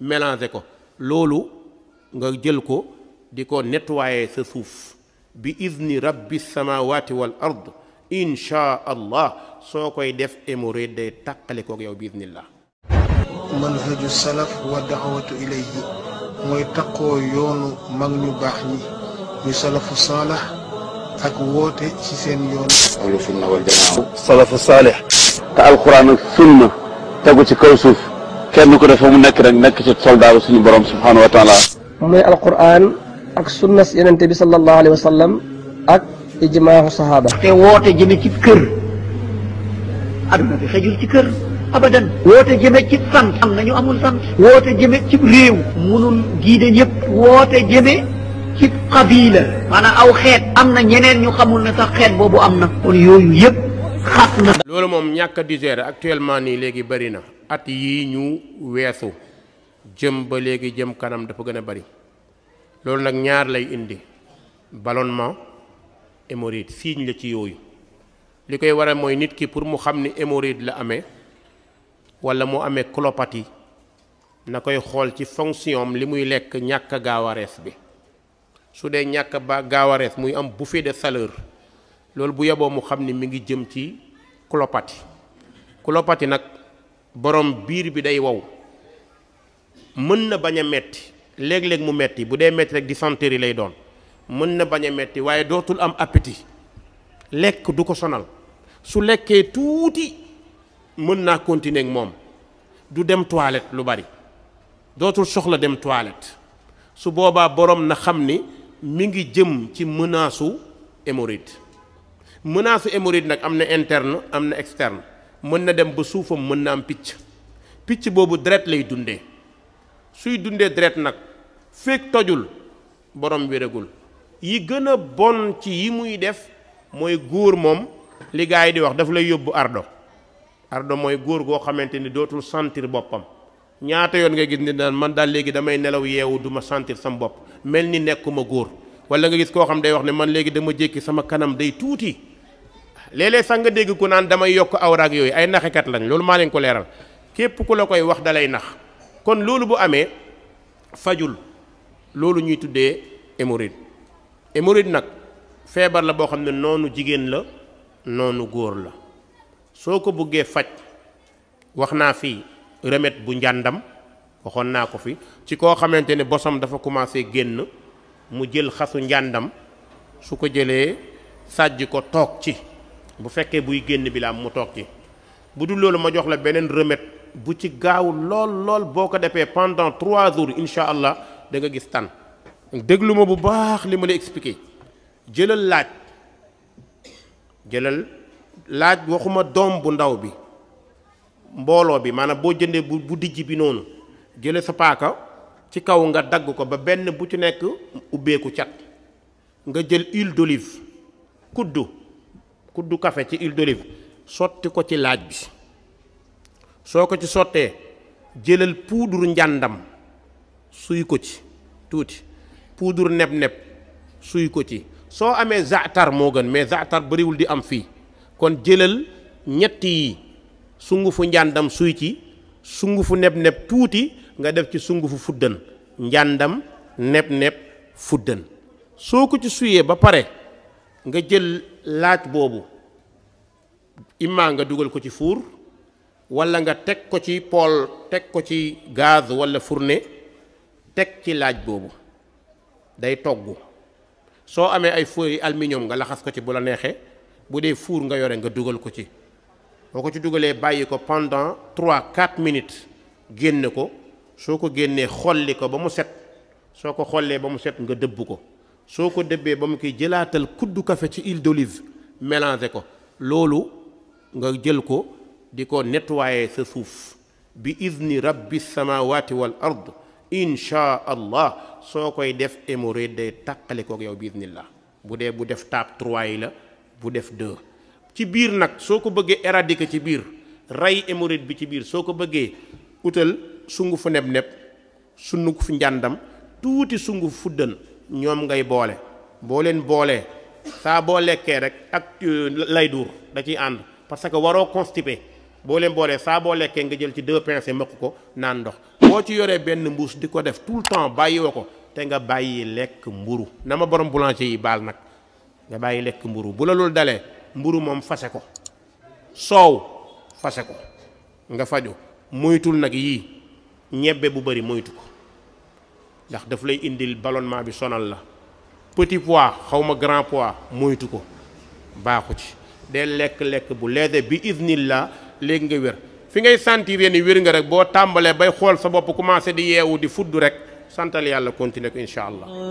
mélangé ko loolu nga jël ko di ko nettoyer sa suuf bi izni rabbi samawati wal ard inchaa allah soo koy def hémorroïde day tàqale yow bi iznillah manhaju salaf wa daawatu ilayhi mooy taqoo yoonu mag ñu baax ñi ñu salafu saalax ak woote ci seen yoon ahlu sunna wal salafu saalix te alquran ak sunna tegu ci kaw suuf كان كنا فهم نكر نكت تصل دعوة سن برام سبحانه وتعالى من القرآن أك سنة سيدنا النبي صلى الله عليه وسلم أك إجماع الصحابة تواتي جمي تذكر أدنى في خجل تذكر أبدا واتي جمي تفن أم نيو أمون سن واتي جمي تبريو منون جيد يب واتي جمي تب قبيلة أنا أو خير أم نينين يو خمون نتاخير بابو أم نيو يب خاتنا لولا مم نيكا ديزير أكتوالماني لغي برينا at yi ñu weesu jëm ba léegi jëm kanam dafa gën a bari loolu nag ñaar lay indi ballonnement hémorroïde siiñ la ci yooyu li koy waral mooy nit ki pour mu xam ni hémorroïde la amee wala mu amee colopathie na koy xool ci fonction am li muy lekk ñàkk gaawarees bi su dee ñàkk ba gaaw gaawarees muy am bouffée de saleur loolu bu yeboo mu xam ni mi ngi jëm ci colopathie colopathie nag borom biir bi day wow mën na bañ a metti léeg-léeg mu metti bu dee metti rek dysenterie lay doon mën na bañ a metti waaye dootul am appétit lekk du ko sonal su lekkee tuuti mën naa continuer moom du dem toilette lu bari dootul soxla dem toilette su boobaa borom na xam ni mi ngi jëm ci menace su hémorroïde menace su hémorroïde nag am na interne am na externe mën na dem ba suufam mën naa am picc picc boobu deret lay dundee suy dundee deret nag fekk tojul borom wéragul yi gën a bon ci yi muy def mooy góor moom li yi di wax dafa lay yóbbu ardo ardo mooy góor goo xamante ni dootul sentir boppam ñaata yoon nga gis ni daan man daal léegi damay nelaw yeewu duma ma sama bopp mel ni nekkuma góor wala nga gis koo xam day wax ne man léegi dama jékki sama kanam day tuuti léeg-léeg sax nga dégg ku naan damay yokk aw awraak yooyu ay naxekat lañ loolu maa leen ko leeral képp ku la koy wax dalay nax kon loolu bu amee fajul loolu ñuy tuddee hémorroïde hémorroïde nag feebar la boo xam ne noonu jigéen la noonu góor la soo ko bëggee faj wax naa fi remède bu njàndam waxoon naa ko fi ci koo xamante ne bosam dafa commencé génn mu jël xasu njàndam su ko jëlee sàjj ko toog ci bu fekkee buy génn bilaam mu toog ci bu dul loolu ma jox la beneen remède bu ci gaaw lool lool boo ko defee pendant trois jours incha allah da nga gis tan déglu ma bu baax li ma la expliqué jëlal laaj jëlal laaj waxuma doom bu ndaw bi mbooloo bi maanaam boo jëndee bu bu dijj bi noonu jële sa paaka ci kaw nga dagg ko ba benn bu ci nekk ubbeeku cat nga jël huile d'olive kuddu kuddu café ci huile d'olive soti ko ci laaj bi soo ko ci soté jëlal poudre nyandam suy ko ci touti poudre neb-neb suy ko ci so amé zaatar mo gën mais zaatar bëriwul di am fi kon jëlal ñetti yi sungufu njàndam suy ci sungufu neb-neb touti, nga def ci sungufu fuddan njàndam neb-neb fuddan soit ko ci suyee ba paré nga jël laaj boobu imma nga dugal ko ci fuur walla nga teg ko ci pool teg ko ci gaz walla fourne teg ci laaj boobu day togg soo amee ay feuille aluminium nga laxas ko ci bu la neexee bu dee fuur nga yore nga dugal ko ci boo ko ci dugalee bàyyi ko pendant trois quatre minutes génn ko soo ko génnee xolli ko ba mu set soo ko xollee ba mu set nga dëbb ko soko debbe bam koy jelatal kuddu kafe ci huile d'olive mélangé ko lolu nga jël ko diko nettoyer sa souf bi izni rabbi samawati wal ard sha allah soko def emore de takale ko yow bi iznillah bu dee bu def tap 3 yi la bu def 2 ci bir nak soko ko éradiquer ci bir ray hémorroïde bi ci bir soko ko bëggee sungu fu neb-neb sunu fu njàndam touti sungu fu dën ñoom ngay boole boo leen boolee saaboo lekkee rek ak euh, lay duur da ciy ànd parce que waroo constipé boo leen boolee saa lekkee nga jël ci deux pincées mbokk ko naan ndox boo ci yoree benn mbuus di ko def tout le bàyyi bàyyiwoo ko te nga bàyyi lekk mburu na ma borom boulanger yi baal nag nga bàyyi lekk mburu bu la loolu dalee mburu moom fase ko soow fase ko nga faju muytul nag yii ñebbe bu bëri moytu ko ndax daf lay indil ballonnement bi sonal la petit poids xaw ma grand poids moytu ko baaxu ci day lekk-lekk bu leede bi iznillah léegi nga wér fi ngay sentir ni wér nga rek boo tàmbalee bay xool sa bopp commencé di yeewu di fudd rek santal yàlla continuer ko incha allah